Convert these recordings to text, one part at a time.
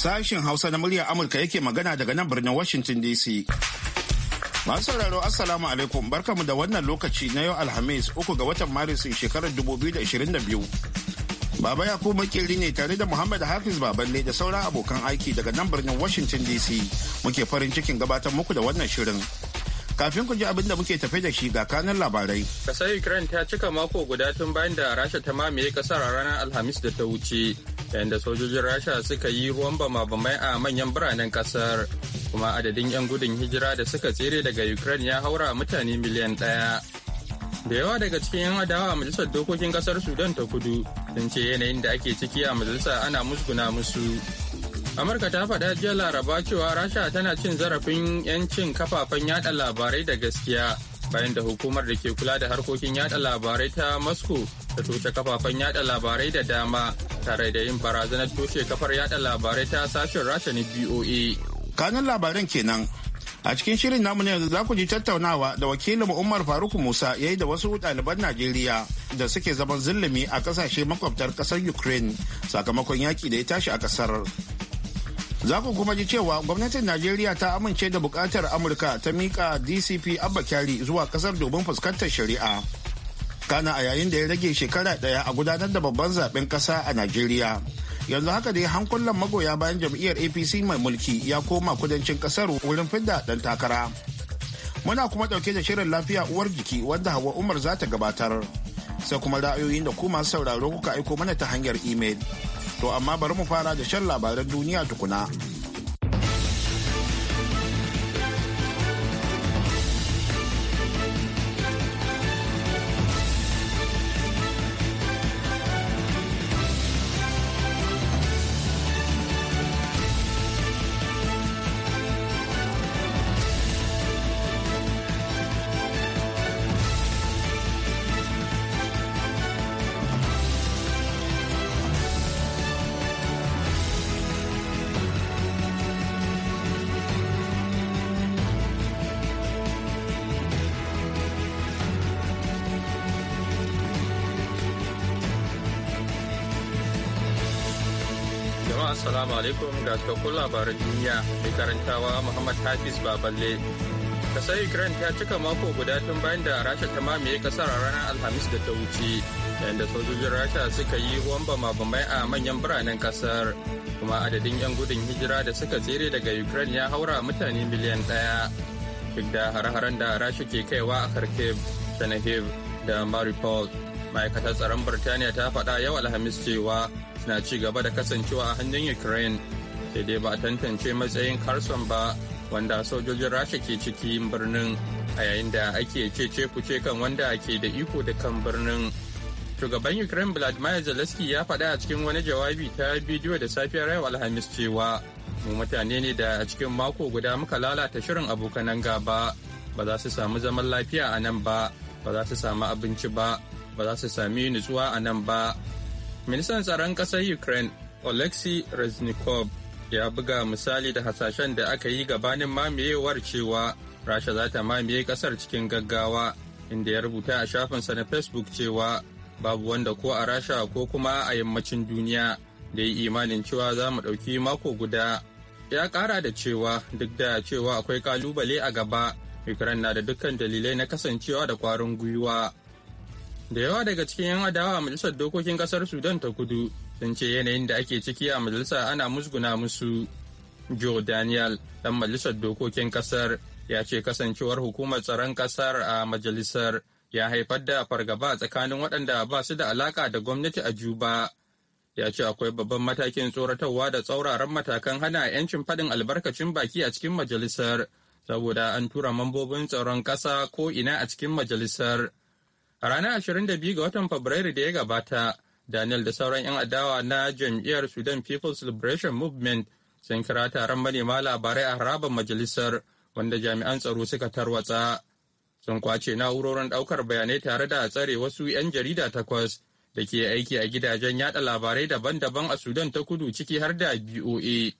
Sashen Hausa na muryar Amurka yake magana daga nan birnin Washington DC. Masu sauraro Assalamu alaikum mu da wannan lokaci na yau Alhamis uku ga watan Maris shekarar 2022. Baba ya kuma ne tare da Muhammad Hafiz Baballe da sauran abokan aiki daga nan birnin Washington DC muke farin cikin gabatar muku da wannan shirin. kafin ku ji abin da muke tafe da shi ga kanan labarai. Kasar Ukraine ta cika mako guda tun bayan da Rasha ta mamaye kasar a ranar Alhamis da ta wuce yayin da sojojin rasha suka yi ruwan bama-bamai a manyan biranen kasar kuma adadin 'yan gudun hijira da suka tsere daga ukraine ya haura mutane miliyan ɗaya da yawa daga cikin 'yan adawa a majalisar dokokin kasar sudan ta kudu sun ce yanayin da ake ciki a majalisa ana musguna musu amurka ta faɗa jiya laraba cewa rasha tana cin zarafin 'yancin kafafen yada labarai da gaskiya bayan da hukumar da ke kula da harkokin yada labarai ta Moscow ta toshe kafafen yada labarai da dama tare da yin barazanar toshe kafar yada labarai ta sashen Rasha na BOA. Kanin labaran kenan a cikin shirin namu ne za ku ji tattaunawa da wakilin Umar Faruk Musa ya yi da wasu ɗaliban Najeriya da suke zaman zulumi a ƙasashe makwabtar ƙasar Ukraine sakamakon yaƙi da ya tashi a ƙasar. za ku kuma ji cewa gwamnatin najeriya ta amince da bukatar amurka ta mika dcp abba kyari zuwa kasar domin fuskantar shari'a kana a yayin da ya rage shekara daya a gudanar da babban zaben kasa a najeriya yanzu haka dai hankulan magoya bayan jam'iyyar apc mai mulki ya koma kudancin kasar wurin fidda dan takara muna kuma dauke da shirin lafiya uwar jiki wanda hawa umar za ta gabatar sai kuma ra'ayoyin da kuma sauraro kuka aiko mana ta hanyar imel. To amma bari mu fara da shan labaran duniya tukuna. ga labaran duniya mai karantawa Muhammad Hafiz Baballe. Kasar Ukraine ta cika mako guda tun bayan da Rasha ta mamaye kasar a ranar Alhamis da ta wuce, yadda sojojin Rasha suka yi wamba mabamai a manyan biranen kasar. Kuma adadin 'yan gudun hijira da suka tsere daga Ukraine ya haura mutane miliyan ɗaya. Duk da hare-haren da Rasha ke kaiwa a Kharkiv, Chernihiv da Mariupol, ma'aikatar tsaron Birtaniya ta faɗa yau Alhamis cewa suna ci gaba da kasancewa a hannun Ukraine sai dai ba tantance matsayin Carson ba wanda sojojin Rasha ke ciki birnin a yayin da ake cece kuce kan wanda ke da iko da kan birnin. Shugaban Ukraine Vladimir Zelensky ya faɗa a cikin wani jawabi ta bidiyo da safiyar yau Alhamis cewa mu mutane ne da a cikin mako guda muka lalata shirin abokanan gaba ba za su samu zaman lafiya a nan ba ba za su samu abinci ba ba za su sami nutsuwa a nan ba. Ministan tsaron ƙasar Ukraine Oleksiy Reznikov ya buga misali da hasashen da aka yi gabanin mamayewar cewa rasha za ta mamaye kasar cikin gaggawa inda ya rubuta a shafinsa na facebook cewa babu wanda ko a rasha ko kuma a yammacin duniya da yi imanin cewa za mu ɗauki mako guda ya kara da cewa duk da cewa akwai kalubale a gaba ukraine na da dukkan dalilai na kasancewa da kwarin gwiwa da yawa daga cikin yan adawa a majalisar dokokin kasar sudan ta kudu sun ce yanayin da ake ciki a majalisa ana musguna musu joe daniel dan majalisar dokokin kasar ya ce kasancewar hukumar tsaron kasar a majalisar ya haifar da fargaba tsakanin waɗanda ba su da alaka da gwamnati a juba ya ce akwai babban matakin tsoratarwa da tsauraran matakan hana 'yancin faɗin albarkacin baki a cikin majalisar saboda an tura mambobin tsaron ƙasa ko ina a cikin majalisar a ranar 22 ga watan fabrairu da ya gabata daniel da sauran 'yan adawa na jam'iyyar sudan people's liberation movement sun kira taron manema labarai a harabar majalisar wanda jami'an tsaro suka tarwatsa sun kwace na'urorin daukar bayanai tare da tsare wasu 'yan jarida takwas da ke aiki a gidajen yada labarai daban-daban a sudan ta kudu ciki har da boa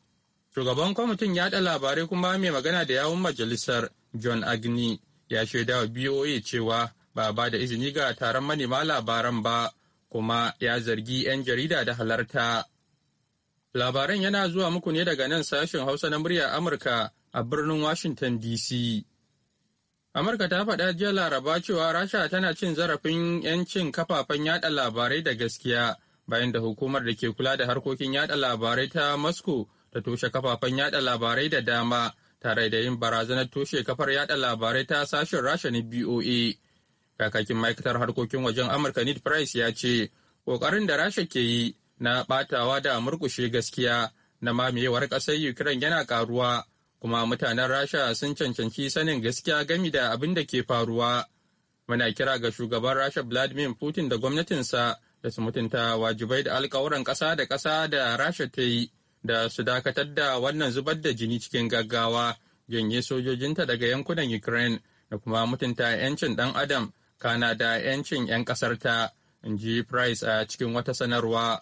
shugaban kwamitin yada labarai kuma mai magana da yawun majalisar john agni ya shaida wa boa cewa ba ba da izini ga taron manema labaran ba kuma ya zargi 'yan jarida da halarta. Labaran yana zuwa muku ne daga nan sashen Hausa na murya Amurka a birnin Washington DC. Amurka ta faɗa jiya Laraba cewa Rasha tana cin zarafin 'yancin kafafen yada labarai da gaskiya bayan da hukumar da ke kula da harkokin yada labarai ta Moscow ta toshe kafafen yada labarai da dama tare da yin barazanar toshe kafar yada labarai ta sashen Rasha na BOA. Kakakin ma'aikatar harkokin wajen Amurka Ned Price ya ce, ƙoƙarin da Rasha ke yi na ɓatawa da murkushe gaskiya na mamayewar ƙasar Ukraine yana ƙaruwa, kuma mutanen Rasha sun cancanci sanin gaskiya gami da abin da ke faruwa. Muna kira ga shugaban Rasha Vladimir Putin da gwamnatinsa da su mutunta wajibai da alkawuran ƙasa da ƙasa da Rasha ta yi da su dakatar da wannan zubar da jini cikin gaggawa janye sojojinta daga yankunan Ukraine da kuma mutunta 'yancin ɗan adam kana da 'yancin 'yan ƙasarta in ji price a cikin wata sanarwa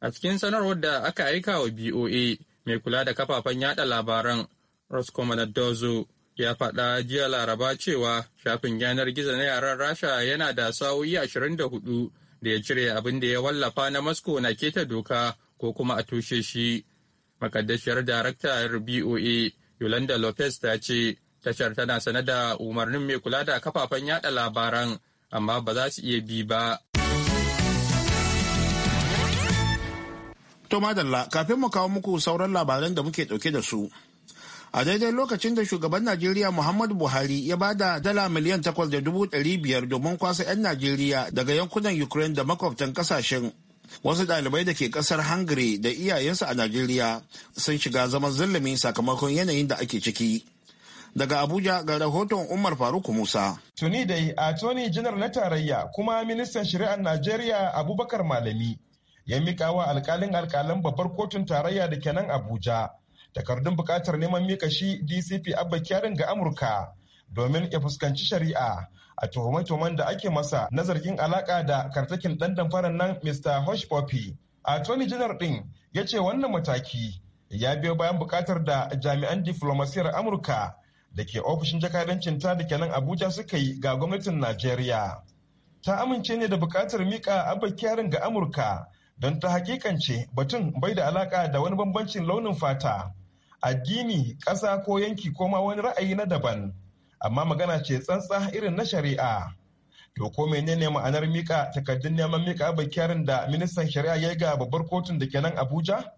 a cikin sanarwar da aka aika wa boa mai kula da kafafen yada labaran roscomondozo ya faɗa jiya laraba cewa shafin yanar gizo na yaren rasha yana da sa'o'i 24 da ya cire abin da ya wallafa na moscow na keta doka ko kuma a tushe shi makaddashiyar daraktar boa yolanda lopez ta ce Tashar tana sane da umarnin mai kula da kafafen yada labaran amma ba za su iya bi ba. To madalla kafin mu kawo muku sauran labaran da muke dauke da su. A daidai lokacin da shugaban Najeriya Muhammadu Buhari ya ba da dala miliyan takwas da dubu ɗari biyar domin kwasa 'yan Najeriya daga yankunan Ukraine da makwabtan kasashen. Wasu ɗalibai da ke ƙasar Hungary da iyayensu a Najeriya sun shiga zaman zulumi sakamakon yanayin da ake ciki. Daga Abuja ga rahoton Umar Faruk Musa. Tuni dai Attorney General na tarayya kuma ministan shari'ar Najeriya Abubakar Malami ya mika wa alkalin alkalan babbar kotun tarayya da kenan Abuja takardun bukatar neman mika shi DCP Abba Kyarin ga Amurka domin ya fuskanci shari'a a tuhume-tuhumen da ake masa na zargin alaka da kartakin dan damfarar nan Mr. Hush Poppy. Attorney General din ya ce wannan mataki ya biyo bayan bukatar da jami'an diflomasiyar Amurka da ke ofishin jakadancin ta da kenan abuja suka yi ga gwamnatin najeriya ta amince ne da bukatar mika abin kyarin ga amurka don ta hakikance batun bai da alaka da wani bambancin launin fata addini ƙasa ko yanki ko ma wani ra'ayi na daban amma magana ce tsantsa irin na shari'a to ko menene ma'anar mika takardun neman mika abin kyarin da ministan shari'a ya yi ga babbar kotun da kenan abuja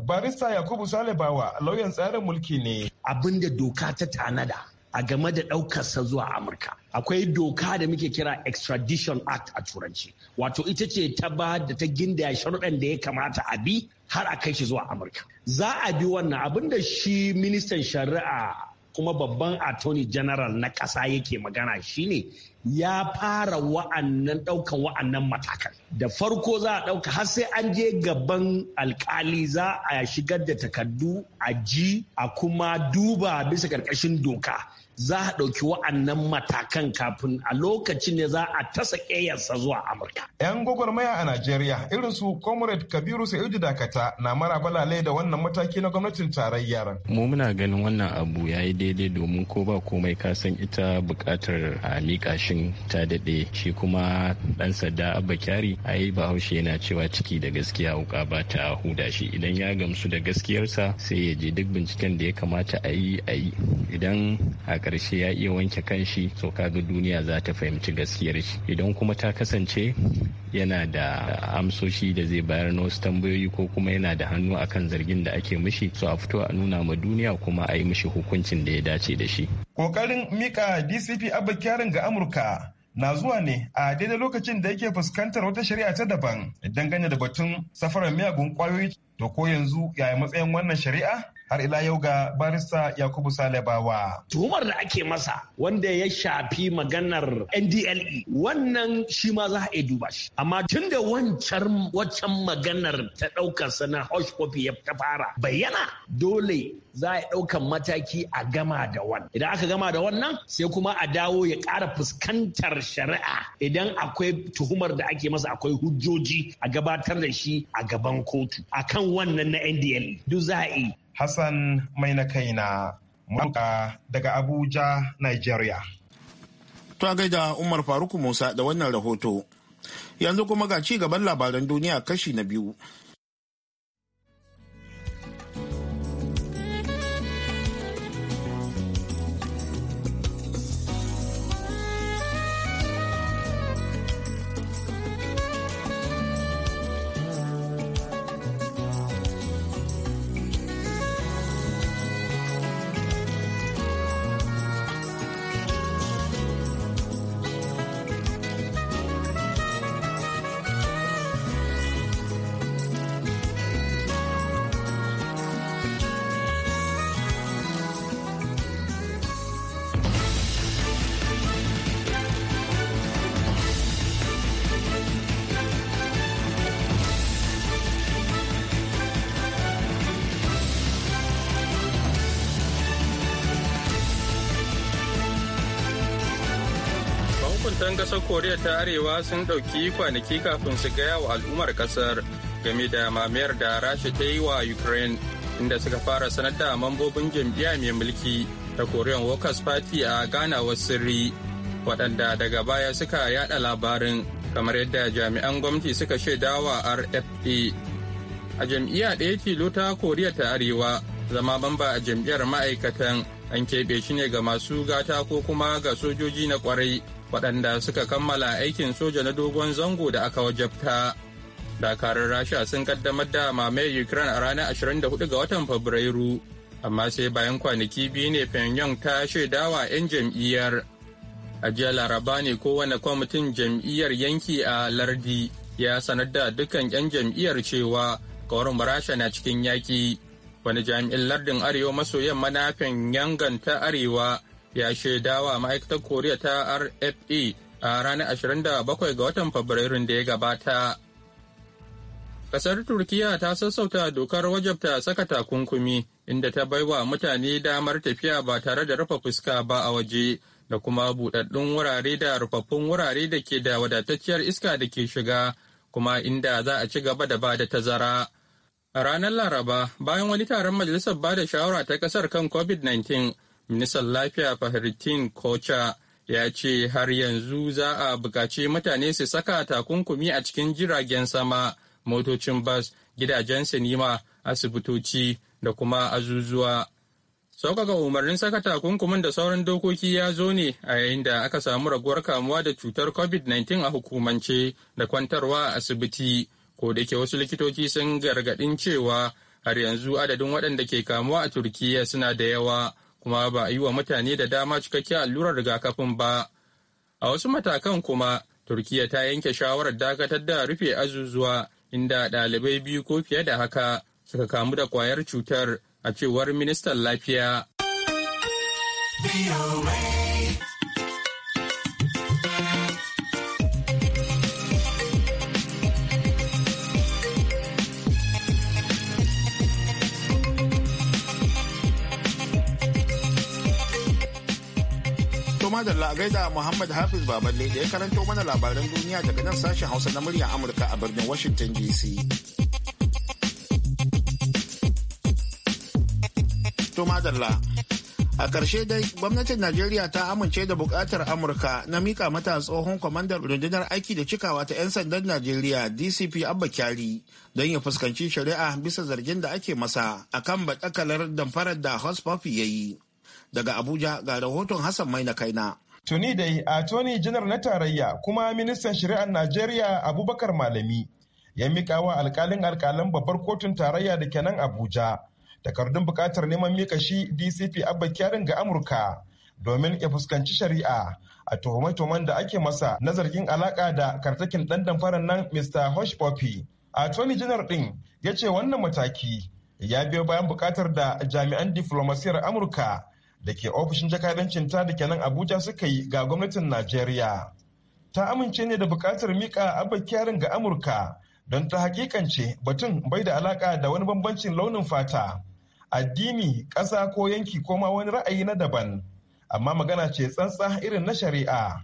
barista yakubu salibawa lauyan tsarin mulki ne abin da doka ta tanada a game da daukarsa zuwa amurka akwai doka da muke kira extradition act a turanci wato ita ce ta ba da ta gindaya sharuɗan da ya kamata a bi har a kai shi zuwa amurka za a bi wannan abin da shi ministan shari'a kuma babban attorney general na ƙasa yake magana shine ya fara wa'annan ɗaukan wa'annan matakan da farko za a ɗauka har sai an je gaban alkali za a shigar da takardu a ji a kuma duba bisa ƙarƙashin doka za a ɗauki wa'annan matakan kafin a lokacin ne za a tasa ƙeyarsa zuwa amurka. 'yan gwagwarmaya a najeriya irin su comrade kabiru sa'idu dakata na mara balale da wannan mataki na gwamnatin tarayyar. mu muna ganin wannan abu ya yi daidai domin ko ba komai ka san ita buƙatar a miƙa shi shin ta daɗe shi kuma ɗan sadda abba kyari ai bahaushe yana cewa ciki da gaskiya wuka ba ta huda shi idan ya gamsu da gaskiyarsa sai ya je duk binciken da ya kamata a yi a yi idan a ƙarshe ya iya wanke kanshi to kaga duniya za ta fahimci gaskiyar shi idan kuma ta kasance yana da amsoshi da zai bayar na wasu tambayoyi ko kuma yana da hannu akan zargin da ake mishi so a fito a nuna ma duniya kuma a yi mishi hukuncin da ya dace da shi Ƙoƙarin mika DCP Abba Kyarin ga Amurka na zuwa ne a daidai lokacin da yake fuskantar wata shari'a ta daban dangane da batun safarar miyagun kwayoyi to ko yanzu yaya matsayin wannan shari'a har ila yau ga barista yakubu salibawa tuhumar da ake masa wanda ya shafi maganar ndle wannan shi ma za a duba shi amma tun da wancan waccan maganar ta ɗaukar sana hush ya ta fara bayyana dole za a daukan mataki a gama da wannan idan aka gama da wannan sai kuma a dawo ya ƙara fuskantar shari'a idan akwai tuhumar da ake masa akwai hujjoji a gabatar da shi a gaban kotu akan wannan na ndle duk za a yi Hassan mai na kai na muka daga Abuja, Nigeria. Ta gaida Umar Faruk Musa da wannan rahoto. Yanzu kuma ga ci gaban labaran duniya kashi na biyu. mahukuntan ƙasar koriya ta arewa sun ɗauki kwanaki kafin su gaya wa al'ummar ƙasar game da mamayar da rasha ta yi wa ukraine inda suka fara sanar da mambobin jam'iyya mai mulki ta korean workers party a ganawar sirri waɗanda daga baya suka yada labarin kamar yadda jami'an gwamnati suka shaidawa rfa a jam'iyya ɗaya tilo ta koriya ta arewa zama bamba a jam'iyyar ma'aikatan an keɓe shi ne ga masu gata ko kuma ga sojoji na kwarai waɗanda suka kammala aikin soja na dogon zango da aka wajabta. Dakarun Rasha sun kaddamar da mamayar Ukraine a ranar 24 ga watan Fabrairu, amma sai bayan kwanaki biyu ne Pyongyang ta shaidawa 'yan jam'iyyar. A jiya Laraba ne kowane kwamitin jam'iyyar yanki a lardi ya sanar da dukkan 'yan jam'iyyar cewa kawarin Rasha na cikin yaki Wani jami'in lardin Arewa maso yamma na Pyongyang ta Arewa ya shaidawa ma'aikatar koriya ta rfa e a ranar 27 ga watan fabrairun da ya gabata kasar turkiya ta sassauta dokar wajabta saka takunkumi inda ta baiwa mutane damar tafiya ba tare da rufe fuska ba a waje da kuma buɗaɗɗun wurare da rufaffun wurare da ke da wadatacciyar iska da ke shiga kuma inda za a ci gaba da ba da tazara. A ranar Laraba, bayan wani taron majalisar ba da shawara ta kasar kan COVID-19, Ministan Lafiya Fahritin Kocha ya ce har yanzu za a buƙaci mutane su saka takunkumi a cikin jiragen sama, motocin bas, gidajen sinima, asibitoci da kuma azuzuwa. Sauƙaƙa umarnin saka takunkumin da sauran dokoki ya zo ne a yayin da aka samu raguwar kamuwa da cutar COVID-19 a hukumance da kwantarwa a asibiti, ko da ke wasu likitoci sun gargaɗin cewa har yanzu adadin waɗanda ke kamuwa a Turkiyya suna da yawa. kuma ba a yi wa mutane da dama cikakkiyar allurar rigakafin ba a wasu matakan kuma turkiyya ta yanke shawarar dakatar da rufe azuzuwa inda ɗalibai biyu ko fiye da haka suka kamu da kwayar cutar a cewar ministan lafiya. da la'agaida Muhammad Hafiz Baballe da ya karanto mana labaran duniya daga nan sashen Hausa na muryar Amurka a birnin Washington DC. To madalla. A ƙarshe dai gwamnatin Najeriya ta amince da buƙatar Amurka na mika mata tsohon kwamandar rundunar aiki da cikawa ta 'yan sandan Najeriya DCP Abba Kyari don ya fuskanci shari'a bisa zargin da ake masa a kan baɗakalar damfarar da Hospopi ya yi. Daga Abuja ga rahoton Hassan Maina Kaina. Tuni dai Attorney janar na tarayya kuma ministan shari'ar Najeriya Abubakar Malami ya mika wa alkalin alkalan babbar kotun tarayya da kenan Abuja takardun bukatar neman mika shi DCP Abba Kyarin ga Amurka domin ya fuskanci shari'a a tuhume-tuhumen da ake masa na zargin alaka da kartakin ɗan damfarar nan Mr. Hush Poppy. Attorney General din ya ce wannan mataki ya biyo bayan bukatar da jami'an diflomasiyar Amurka da ke ofishin jakadancin ta da kenan abuja suka yi ga gwamnatin najeriya ta amince ne da bukatar mika abakyarin ga amurka don ta hakikance batun bai da alaka da wani bambancin launin fata addini ƙasa ko yanki ko ma wani ra'ayi na daban amma magana ce tsantsa irin na shari'a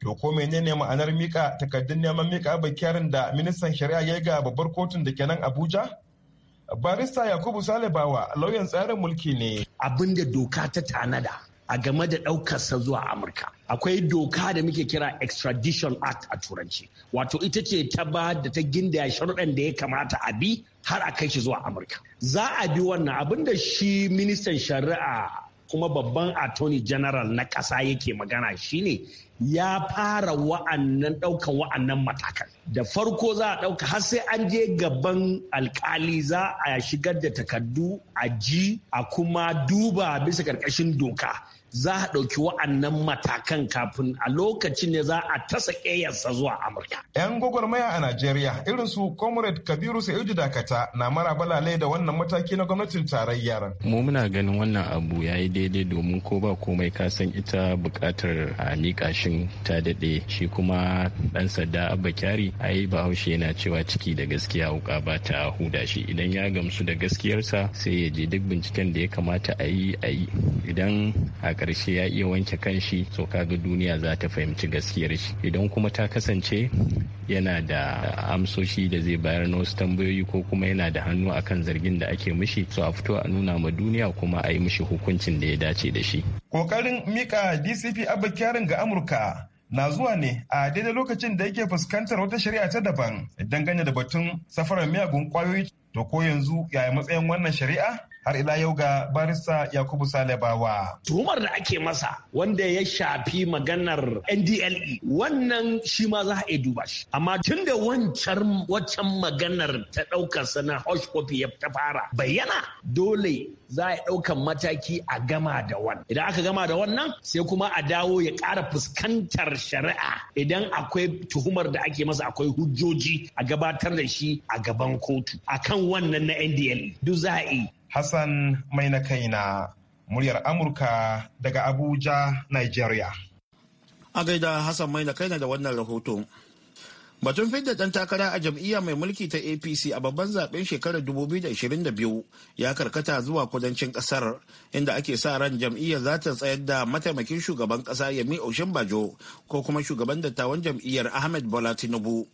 to ko menene ma'anar mika takaddun neman mika abakyarin da ministan shari'a ya ga babbar kotun da kenan abuja barista yakubu salibawa lauyan tsarin mulki ne abin da doka ta tanada a game da daukarsa zuwa amurka akwai doka da muke kira extradition act a turanci wato ita ce ta ba da ta gindaya sharuɗan da ya kamata a bi har a kai shi zuwa amurka za a bi wannan abin da shi ministan shari'a kuma babban attorney general na ƙasa yake magana shine ya fara wa'annan ɗaukan wa'annan matakan da farko za a ɗauka har sai an je gaban alkali za a shigar da takardu a ji a kuma duba bisa ƙarƙashin doka za a ɗauki wa'annan matakan kafin a lokacin ne za a tasa ƙeyarsa zuwa Amurka. 'Yan gwagwarmaya a Najeriya irin su Comrade Kabiru Sa'idu Dakata na mara balale da wannan mataki na gwamnatin tarayyar. Mu muna ganin wannan abu ya yi daidai domin ko ba komai ka san ita buƙatar a miƙa shin ta daɗe shi kuma ɗan sadda Abba Kyari ai Bahaushe yana cewa ciki da gaskiya wuƙa ba ta huda shi idan ya gamsu da gaskiyarsa sai ya je duk binciken da ya kamata a yi a yi idan a karshe ya iya wanke kanshi to kaga duniya za ta fahimci gaskiyar shi idan kuma ta kasance yana da amsoshi da zai bayar na wasu tambayoyi ko kuma yana da hannu akan zargin da ake mishi so a fito a nuna ma duniya kuma a yi mishi hukuncin da ya dace da shi kokarin mika dcp abakyarin ga amurka na zuwa ne a daidai lokacin da yake fuskantar wata shari'a ta daban dangane da batun safarar miyagun kwayoyi to ko yanzu yaya matsayin wannan shari'a har ila yau ga barista yakubu salibawa tuhumar da ake masa wanda ya shafi maganar ndle wannan shi ma za a duba shi amma tun da wancan waccan maganar ta ɗaukar sana hush ya ta fara bayyana dole za a daukan mataki a gama da wannan idan aka gama da wannan sai kuma a dawo ya ƙara fuskantar shari'a idan akwai tuhumar da ake masa akwai hujjoji a gabatar da shi a gaban kotu akan wannan na ndle duk za a yi Hassan mai na na muryar Amurka daga Abuja, Nigeria. A gaida Hassan mai na na da wannan rahoton. Batun fidda ɗan takara a jam'iyya mai mulki ta APC a babban zaben shekarar 2022 ya karkata zuwa kudancin ƙasar inda ake sa ran jam'iyyar za ta tsayar da mataimakin shugaban ƙasa Yemi bajo ko kuma shugaban dattawan jam'iyyar Ahmed Bola Tinubu.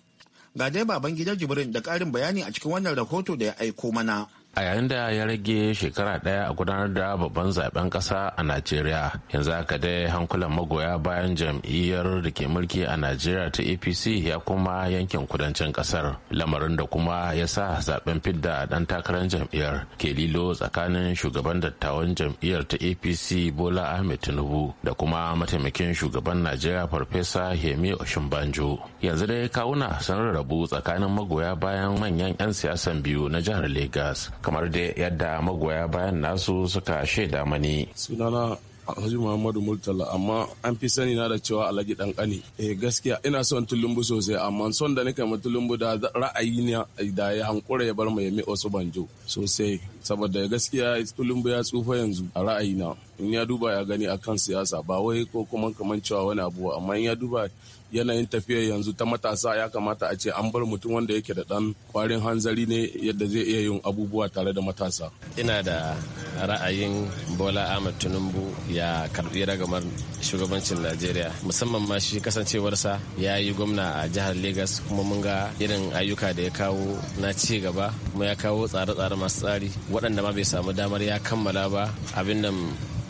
Ga dai baban gidan Jibrin da ƙarin bayani a cikin wannan rahoto da ya aiko mana. a yayin da ya rage shekara ɗaya a gudanar da babban zaben ƙasa a najeriya yanzu haka dai hankulan magoya bayan jam'iyyar da ke mulki a najeriya ta apc ya kuma yankin kudancin ƙasar lamarin da kuma ya sa zaben fidda a ɗan takarar jam'iyyar ke lilo tsakanin shugaban dattawan jam'iyyar ta apc bola ahmed tinubu da kuma mataimakin shugaban najeriya farfesa hemi oshinbanjo yanzu dai kawuna sun rabu tsakanin magoya bayan manyan 'yan siyasan biyu na jihar Legas. kamar da yadda magoya bayan nasu suka shaida mani sunana Alhaji Muhammadu Murtala amma an fi sani na da cewa Alhaji dan kani eh gaskiya ina son tulumbu sosai amma son da nika ma tulumbu da ra'ayi ne da ya hankura ya bar mai yami wasu banjo sosai saboda gaskiya tulumbu ya tsufa yanzu a ra'ayi na in ya duba ya gani akan siyasa ba wai ko kuma kamar cewa wani abu amma in ya duba yanayin tafiyar yanzu ta matasa ya kamata a ce an bar mutum wanda yake da dan kwarin hanzari ne yadda zai iya yin abubuwa tare da matasa ina da ra'ayin bola ahmad tinubu ya karbi ragamar shugabancin najeriya musamman ma shi kasancewarsa ya yi gwamna a jihar Legas kuma mun ga irin ayyuka da ya kawo na ci gaba kuma ya kawo tsare-tsare masu tsari waɗanda ma bai samu damar ya kammala ba abin nan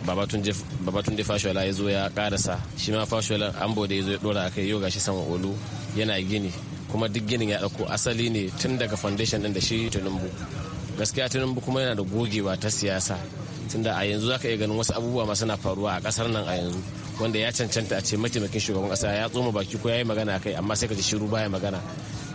babatunde fashola ya zo ya karasa shi ma fashola ambo da ya zo ya dora akai yau gashi sama olu yana gini kuma duk ginin ya dauko asali ne tun daga foundation din da shi tunumbu gaskiya tunumbu kuma yana da gogewa ta siyasa tunda a yanzu zaka iya ganin wasu abubuwa masu na faruwa a kasar nan a yanzu wanda ya cancanta a ce mataimakin shugaban kasa ya tsoma baki ko ya yi magana kai amma sai ka ji shiru baya magana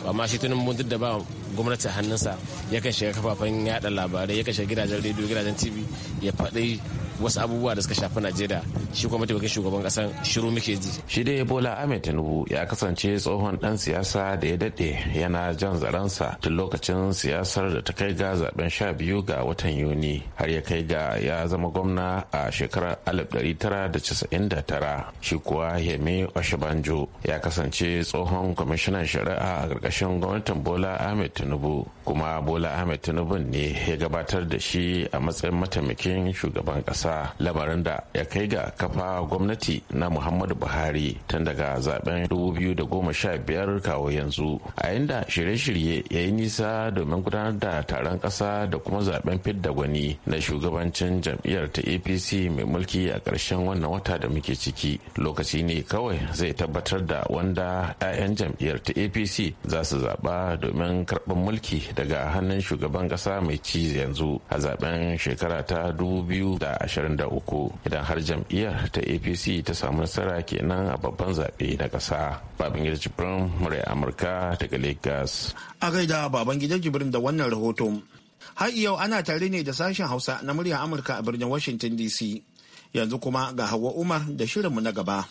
amma shi tunumbu duk da ba gwamnati hannunsa yakan shiga kafafen yada labarai ya shiga gidajen rediyo gidajen tv ya faɗi wasu abubuwa da suka shafi najeriya shi kuma mataimakin shugaban kasan shiru muke ji shi dai bola ahmed tinubu ya kasance tsohon dan siyasa da ya dade yana jan zaransa tun lokacin siyasar da ta kai ga zaben sha biyu ga watan yuni har ya kai ga ya zama gwamna a shekarar alif da tara shi kuwa yemi oshibanjo ya kasance tsohon kwamishinan shari'a a ƙarƙashin gwamnatin bola ahmed tinubu kuma bola ahmed tinubu ne ya gabatar da shi a matsayin mataimakin shugaban ƙasa ƙasa labarin da ya kai ga kafa gwamnati na muhammadu buhari tun daga zaben 2015 kawo yanzu a inda shirye-shirye ya yi nisa domin gudanar da taron ƙasa da kuma zaben fidda gwani na shugabancin jam'iyyar ta apc mai mulki a ƙarshen wannan wata da muke ciki lokaci ne kawai zai tabbatar da wanda 'ya'yan jam'iyyar ta apc za su zaɓa domin karɓar mulki daga hannun shugaban ƙasa mai ci yanzu a zaben shekara ta 2020 2023 idan har jam'iyyar ta apc ta samu nasara kenan a babban zaɓe na ƙasa babangida jibrin murai amurka daga lagos a gaida gidan jibrin da wannan rahoto har yau ana tare ne da sashen hausa na murya amurka a birnin washington dc yanzu kuma ga hawa umar da shirinmu na gaba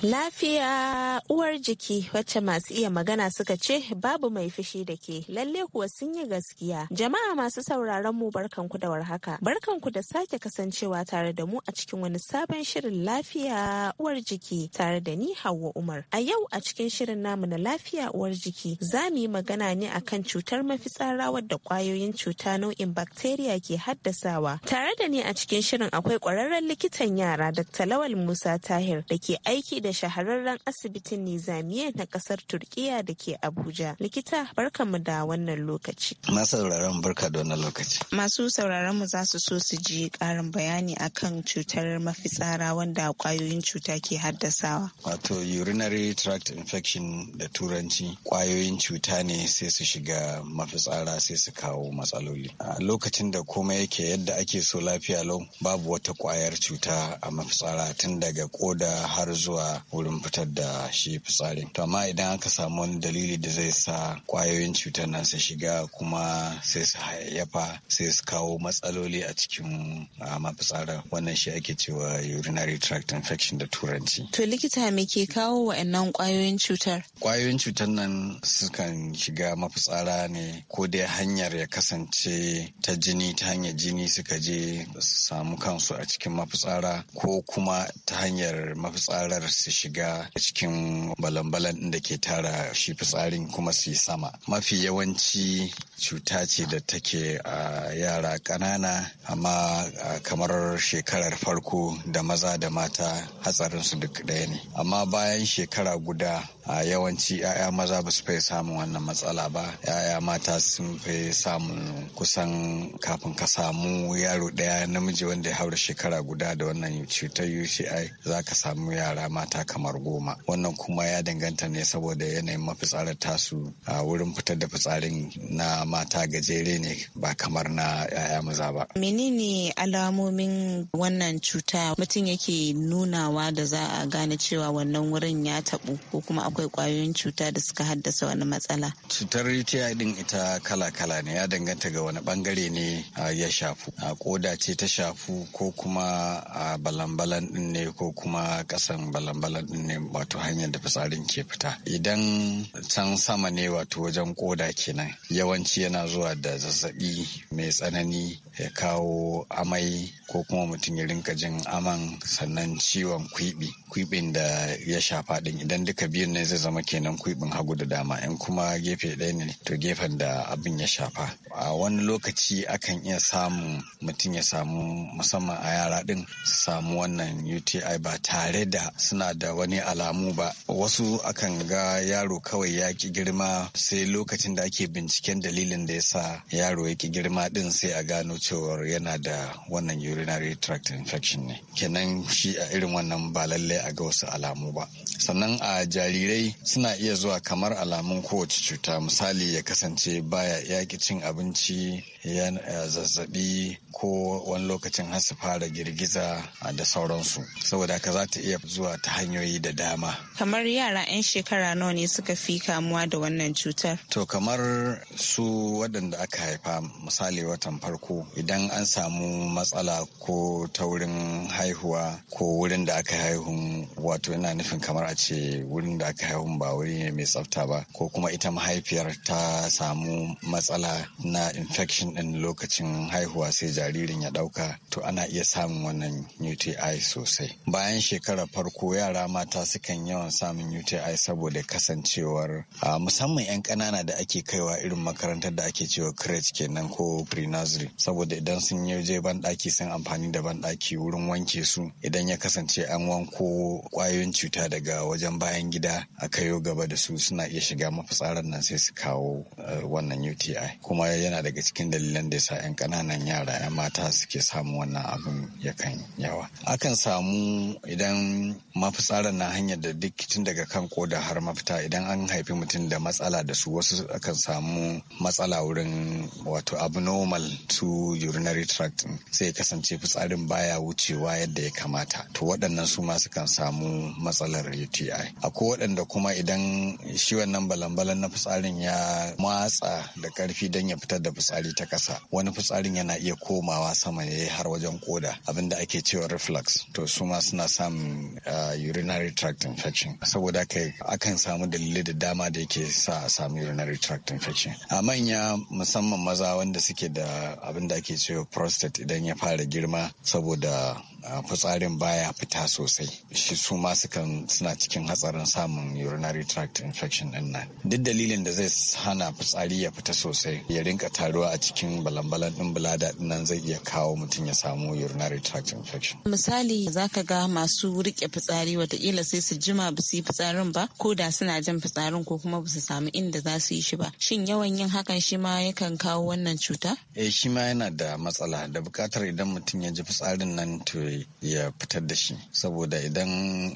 Lafiya uwar jiki wacce masu iya magana suka ce babu mai fushi da ke lalle kuwa sun yi gaskiya. Jama'a masu sauraron mu barkanku da warhaka. Barkanku da sake kasancewa tare da mu a cikin wani sabon shirin lafiya uwar jiki tare da ni Hauwa Umar. A yau a cikin shirin namu na lafiya uwar jiki za mu yi magana ne akan cutar mafitsara wadda kwayoyin cuta nau'in bakteriya ke haddasawa. Tare da ni a cikin shirin akwai kwararren likitan yara Dr. Lawal Musa Tahir da ke aiki da shahararren asibitin Nizamiya na kasar Turkiya da ke Abuja. Likita barkanmu da wannan lokaci. Masu sauraron barka da wannan lokaci. Masu sauraron mu za su so su ji karin bayani akan cutar mafitsara wanda kwayoyin cuta ke haddasawa. Wato urinary tract infection da turanci kwayoyin cuta ne sai su shiga mafitsara sai su kawo matsaloli. A lokacin da komai yake yadda ake so lafiya lau babu wata kwayar cuta a mafitsara tun daga koda har zuwa wurin fitar da shi fitsarin to amma idan aka samu wani dalili da zai sa kwayoyin cutar nan su shiga kuma sai su hayayyafa sai su kawo matsaloli a cikin mafitsarar wannan shi ake cewa urinary tract infection da turanci to likita me ke kawo wa'annan kwayoyin cutar kwayoyin cutar nan sukan shiga mafitsara ne ko dai hanyar ya kasance ta jini ta hanyar jini suka je su samu kansu a cikin mafitsara ko kuma ta hanyar mafitsarar su shiga cikin balan-balan da ke tara shi fitsarin kuma su yi sama mafi yawanci cuta ce da take a yara ƙanana amma kamar shekarar farko da maza da mata hatsarinsu duk ɗaya ne amma bayan shekara guda a yawanci 'ya'ya maza ba su fai samun wannan matsala ba 'ya'ya mata sun fai samun kusan kafin ka samu yaro ɗaya namiji wanda ya haura shekara guda da wannan cutar uci za ka samu yara mata mata kamar goma wannan kuma ya danganta ne saboda yanayin mafitsarar tasu a wurin fitar da fitsarin na mata gajere ne ba kamar na yaya maza ba menene alamomin wannan cuta mutum yake nunawa da za a gane cewa wannan wurin ya tabu ko kuma akwai kwayoyin cuta da suka haddasa wani matsala cutar UTI din ita kala-kala ne ya danganta ga wani bangare ne ya shafu a koda ce ta shafu ko kuma a balan-balan din ne ko kuma ƙasan balan balad ne wato hanyar da fitsarin ke fita idan can sama ne wato wajen koda kenan yawanci yana zuwa da zazzabi mai tsanani ya kawo amai ko kuma mutum ya rinka jin aman sannan ciwon kwibi kwibin da ya shafa din idan duka biyun ne zai zama kenan kwibin hagu da dama in kuma gefe ɗaya ne to gefen da abin ya shafa a wani lokaci akan iya samun mutum ya samu musamman a yara din su samu wannan uti ba tare da suna da wani alamu ba wasu akan ga yaro kawai ya ki girma sai lokacin da ake binciken dalilin da ya sa yaro ya ki girma din sai a gano cewar yana da wannan urinary tract infection ne kenan shi a irin wannan ba lallai a ga wasu alamu ba sannan a jarirai suna iya zuwa kamar alamun kowace cuta misali ya kasance baya yaki cin abinci Eh, zazzabi ko wani lokacin har fara girgiza ah, da sauransu saboda haka za ta iya zuwa ta hanyoyi da dama kamar yara 'yan shekara nawa ne suka fi kamuwa da wannan cutar to kamar su waɗanda aka haifa misali watan farko idan an samu matsala ko ta wurin haihuwa ko wurin da aka haihu wato yana nufin kamar a ce wurin da aka haihu ba wuri ne mai tsafta ba ko kuma ita mahaifiyar ta samu matsala na infection ɗin lokacin haihuwa sai jaririn ya ɗauka to ana iya samun wannan UTI sosai. Bayan shekara farko yara mata sukan yawan samun UTI saboda kasancewar musamman 'yan ƙanana da ake kaiwa irin makarantar da ake cewa crèche kenan ko pre-nursery saboda idan sun yi je banɗaki sun amfani da banɗaki wurin wanke su idan ya kasance an wanko kwayoyin cuta daga wajen bayan gida a kayo gaba da su suna iya shiga mafitsarar nan sai su kawo wannan UTI kuma yana daga cikin da dalilan da sa 'yan kananan yara 'yan mata suke samu wannan abin yakan yawa akan samu idan mafitsarar na hanyar da duk tun daga kan koda har mafita idan an haifi mutum da matsala da su wasu akan samu matsala wurin wato abnormal to urinary tract sai kasance fitsarin baya wucewa yadda ya kamata to waɗannan su ma sukan samu matsalar UTI akwai waɗanda kuma idan shi wannan balan-balan na fitsarin ya matsa da ƙarfi don ya fitar da fitsari ta ƙasa wani fitsarin yana iya komawa sama ne har wajen koda abin da ake cewa reflux to su ma suna samun uh, urinary tract infection saboda haka akan samu dalilai da dama da yake sa a samu urinary tract infection a manya musamman maza wanda suke da abin da ake cewa prostate idan ya fara girma saboda Ah, fitsarin baya fita sosai shi su ma sukan suna cikin hatsarin samun urinary tract infection din nan duk dalilin da zai hana fitsari ya fita sosai ya rinka taruwa a cikin balambalan din bulada din nan zai iya kawo mutum ya samu urinary tract infection misali zaka ga masu rike fitsari watakila sai su jima ba su yi fitsarin ba ko da suna jin fitsarin ko kuma ba su samu inda za su yi shi ba shin yawan yin hakan shi ma yakan kawo wannan cuta eh shi ma yana da matsala da buƙatar idan mutum ya ji fitsarin nan to ya fitar da shi saboda idan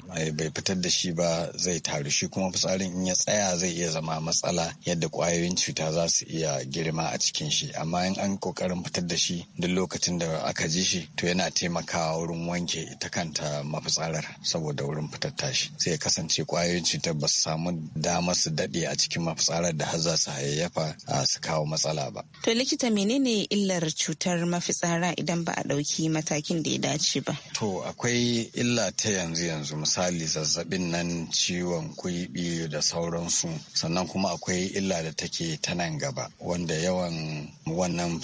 bai fitar da shi ba zai taru shi kuma fitsarin in ya tsaya zai iya zama matsala yadda kwayoyin cuta za su iya girma a cikin shi amma in an kokarin fitar da shi duk lokacin da aka ji shi to yana taimakawa wurin wanke ita kanta mafitsarar saboda wurin fitar tashi sai ya kasance kwayoyin cutar ba su samu dama su daɗe a cikin mafitsarar da har za su hayayyafa su kawo matsala ba. To likita menene illar cutar mafitsara idan ba a ɗauki matakin da ya dace ba? ba. To akwai illa ta yanzu yanzu misali zazzabin nan ciwon kuibi da sauransu sannan kuma akwai illa da take ta nan gaba wanda yawan wannan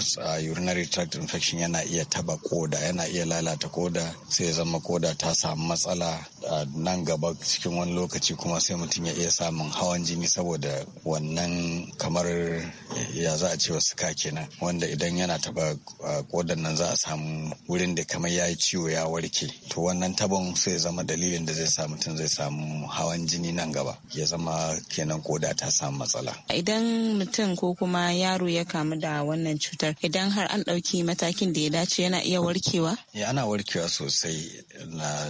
urinary tract infection yana iya taba koda yana iya lalata koda sai zama koda ta samu matsala nan gaba cikin wani lokaci kuma sai mutum ya iya samun hawan jini saboda wannan kamar ya za a cewa suka kenan wanda idan yana taba kodan nan za a samu wurin da kamar ya yi ciwo ya warke to wannan tabon sai zama dalilin da zai sa mutum zai samu hawan jini nan gaba ya zama kenan koda ta samu matsala idan mutum ko kuma yaro ya kamu da wannan cutar idan har an ɗauki matakin da ya dace yana iya warkewa ya eh, ana warkewa sosai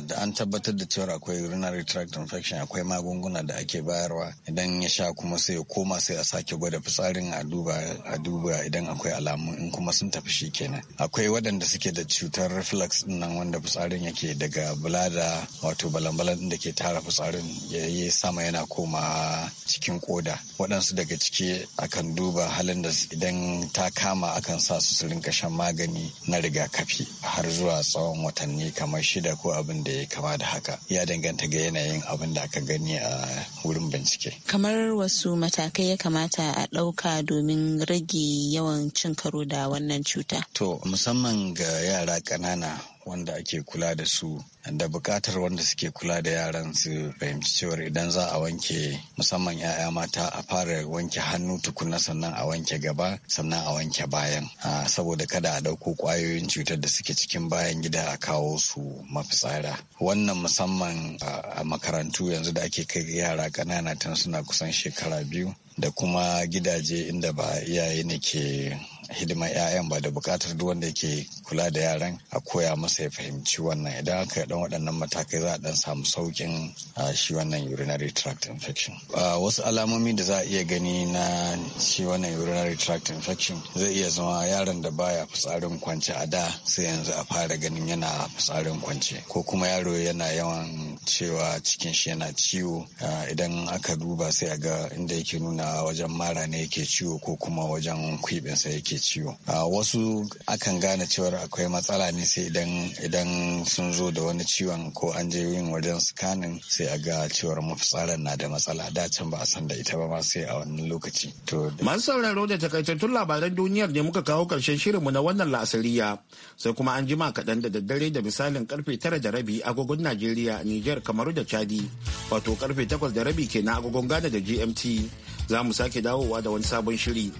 da an tabbatar da cewa akwai urinary tract infection akwai magunguna da ake bayarwa idan ya sha kuma sai ya koma sai a sake gwada fitsarin a duba a duba idan akwai alamu in kuma sun tafi shi kenan akwai waɗanda suke da cutar reflux din nan inda fitsarin yake daga bulada wato balambalan da ke tara fitsarin ya yi sama yana koma cikin koda waɗansu daga ciki akan duba halin da idan ta kama akan sa su su rinka shan magani na rigakafi har zuwa tsawon watanni kamar shida ko abin da ya kama da haka ya danganta ga yanayin abin da aka gani a wurin bincike kamar wasu matakai ya kamata a ɗauka domin rage yawan cin karo da wannan cuta to musamman ga yara ƙanana wanda ake kula da su da bukatar wanda suke kula da yaran su fahimci cewar idan za a wanke musamman 'ya'ya mata a fara wanke hannu tukuna sannan a wanke gaba sannan a wanke bayan saboda kada a ɗauko kwayoyin cutar da suke cikin bayan gida a kawo su mafitsara wannan musamman a makarantu yanzu da ake kai yara ƙanana tun suna kusan shekara biyu da kuma gidaje inda ba iyaye ne ke hidimar 'ya'yan ba da buƙatar duk wanda yake kula da yaran a koya masa ya fahimci wannan idan aka dan waɗannan matakai za a dan samu saukin ah, shi wannan urinary tract infection ah, wasu alamomi da za a iya gani na shi wannan urinary tract infection zai iya zama yaron da baya fitsarin kwance a da sai yanzu a fara ganin yana fitsarin kwance ko kuma yaro yana yawan cewa cikin shi yana ciwo ah, idan aka duba sai a ga inda yake nuna wajen mara ne yake ciwo ko kuma wajen kwibinsa yake ke ciwo a wasu akan gane cewar akwai matsala ne sai idan idan sun zo da wani ciwon ko an je yin wajen scanning sai a ga cewar mafitsarar na da matsala da can ba a san da ita ba ma sai a wannan lokaci to masu sauraro da takaitattun labaran duniyar ne muka kawo karshen shirinmu na wannan la'asariya sai kuma an jima kaɗan da daddare da misalin karfe tara da rabi agogon najeriya niger kamar da chadi wato karfe takwas da rabi kenan agogon ghana da gmt za mu sake dawowa da wani sabon shiri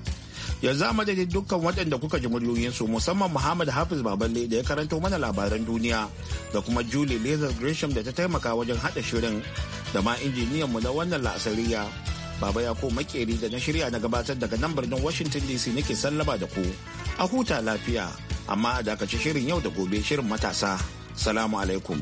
yanzu a madadin dukkan waɗanda kuka ji muryoyinsu musamman muhammad hafiz baballe da ya karanto mana labaran duniya da kuma julie lazar gresham da ta taimaka wajen haɗa shirin da ma injiniyan mu na wannan la'asariya baba ya ko makeri da na shirya na gabatar daga nan birnin washington dc nake sallaba da ku a huta lafiya amma a dakaci shirin yau da gobe shirin matasa salamu alaikum